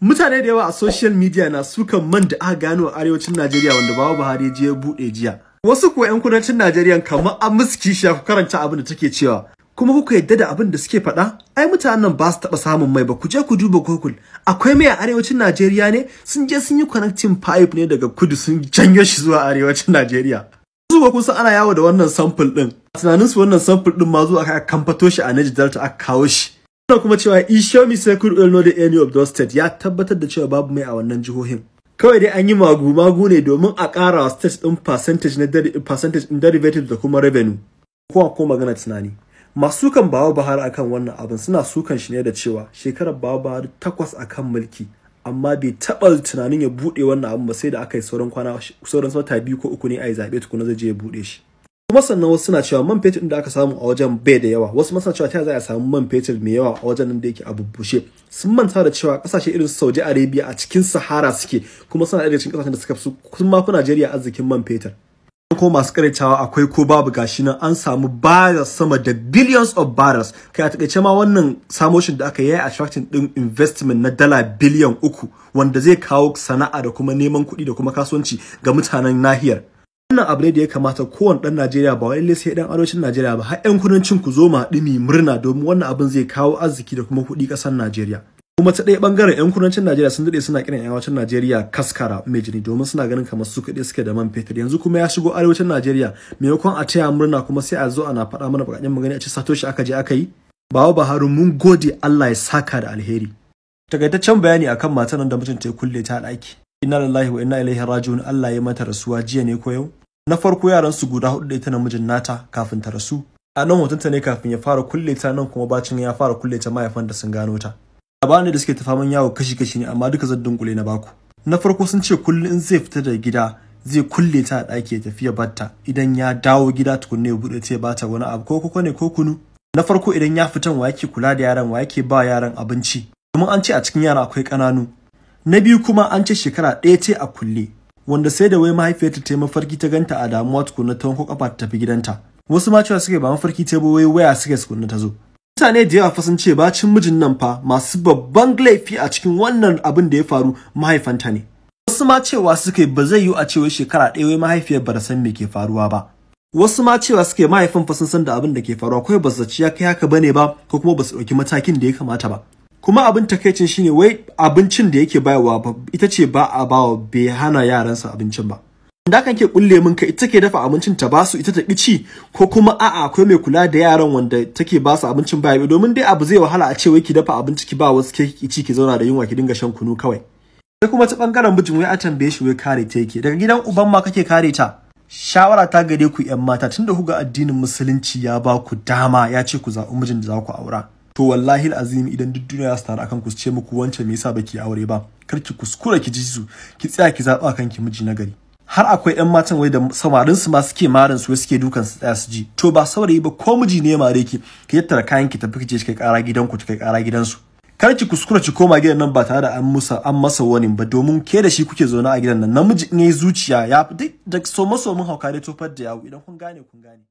mutane da yawa a social media na sukan man da aka gano a arewacin Najeriya wanda bawa Buhari je ya buɗe jiya wasu kuwa yan kudancin Najeriya kamar a miski shi ku karanta abin da take cewa kuma kuka yadda da abin da suke faɗa ai mutanen ba su taɓa samun mai ba ku je ku duba Google akwai mai a arewacin Najeriya ne sun je sun yi connecting pipe ne daga kudu sun janyo shi zuwa arewacin Najeriya zuwa kun san ana yawo da wannan sample din tunanin su wannan sample din ma zuwa aka kamfato shi a Niger Delta aka kawo shi Yana kuma cewa Ishomi Sekur will know the of those state ya tabbatar da cewa babu mai a wannan jihohin. Kawai dai an yi magu-magu ne domin a ƙara wa state ɗin percentage na percentage in derivative da kuma revenue. Kowa ko magana tunani. Masu sukan bawa bahari akan wannan abin suna sukan shi ne da cewa shekarar bawa bahari takwas akan mulki amma bai taɓa tunanin ya buɗe wannan abin ba sai da aka yi sauran kwana sauran wata biyu ko uku ne a yi zaɓe tukuna zai je ya buɗe shi. kuma sannan wasu suna cewa man fetur da aka samu a wajen bai da yawa wasu masana cewa ta za a samu man fetur mai yawa a wajen nan da yake a bubbushe sun manta da cewa kasashe irin saudi arabia a cikin sahara suke kuma suna daga cikin kasashen da suka fi kuma fi najeriya arzikin man fetur ko masu karaitawa akwai ko babu gashi nan an samu barrels sama da billions of barrels kai a takaice ma wannan samoshin da aka yi attracting din investment na dala biliyan uku wanda zai kawo sana'a da kuma neman kuɗi da kuma kasuwanci ga mutanen nahiyar wannan abu ne da ya kamata kowane ɗan Najeriya ba wai sai ɗan arewacin Najeriya ba har 'yan kudancin ku zo ma ɗumi murna domin wannan abin zai kawo arziki da kuma kuɗi ƙasar Najeriya. Kuma ta ɗaya ɓangaren 'yan kudancin Najeriya sun daɗe suna kiran 'yan Najeriya kaskara mai jini domin suna ganin kamar su kaɗai suke da man fetur yanzu kuma ya shigo arewacin Najeriya maimakon a taya murna kuma sai a zo ana faɗa mana baƙaƙen magani a ce satoshi aka je aka yi. Bawa Baharu mun gode Allah ya saka da alheri. Takaitaccen bayani akan matan da mutunta ya kulle ta ɗaki. inna lillahi wa inna ilaihi raji'un Allah ya mata rasuwa jiya ne ko yau na farko yaran su guda hudu da ita namijin nata kafin ta rasu a nan ta ne kafin ya fara kulle ta nan kuma bacin ya fara kulle ta mahaifan da sun gano ta ne da suke ta yawon yawo kashi kashi ne amma duka zan dunkule na baku na farko sun ce kullum in zai fita da gida zai kulle ta a ɗaki ya tafi ya batta idan ya dawo gida tukunne ya buɗe ta ya bata wani abu ko koko ne ko kunu na farko idan ya fitan wa yake kula da yaran wa yake ba yaran abinci kuma an ce a cikin yara akwai ƙananu na biyu kuma an ce shekara ɗaya ce a kulle wanda sai da wai mahaifiyarta ta mafarki ta ganta a damuwa tukuna ta wanko kafa ta tafi gidanta wasu ma cewa suke ba mafarki ta wai waya suke tukuna ta zo mutane da yawa fa sun ce bacin mijin nan fa masu babban laifi a cikin wannan abin da ya faru mahaifanta ne wasu ma cewa suke ba zai yiwu a wai shekara ɗaya wai mahaifiyar ba da san me ke faruwa ba wasu ma cewa suke mahaifin fa sun san da abin da ke faruwa kawai ba su ya kai haka bane ba ko kuma ba su ɗauki matakin da ya kamata ba kuma abin takaicin shine wai abincin da yake bayarwa ita ce ba a bawa bai hana yaransa abincin ba da kan ke kulle min ka ita ke dafa abincin ta basu ita ta kici ko kuma a'a akwai mai kula da yaran wanda take basu abincin baya domin dai abu zai wahala a ce wai ki dafa abinci ki ba wasu ke kici ki zauna da yunwa ki dinga shan kunu kawai sai kuma ta bangaren bijin wai a tambaye shi wai kare ta yake daga gidan uban ma kake kare ta shawara ta gare ku yan mata tunda kuga addinin musulunci ya ba ku dama ya ce ku zaɓi mijin da za ku aura to wallahi azim idan duk duniya su taru akan ku ce muku wancan me yasa baki aure ba kar ki kuskura ki ji su ki tsaya ki zaba ki miji nagari. har akwai yan matan wai da samarin su ma suke marin su suke dukan su tsaya su ji to ba saurayi ba ko miji ne mare ki ki tattara kayan ki tafi ki je ki kai kara gidanku ki kai kara su kar ki kuskura ki koma gidan nan ba tare da an musa an masa wani ba domin ke da shi kuke zaune a gidan nan namiji in yayi zuciya ya duk da so maso mun hauka dai tofar da yawo idan kun gane kun gane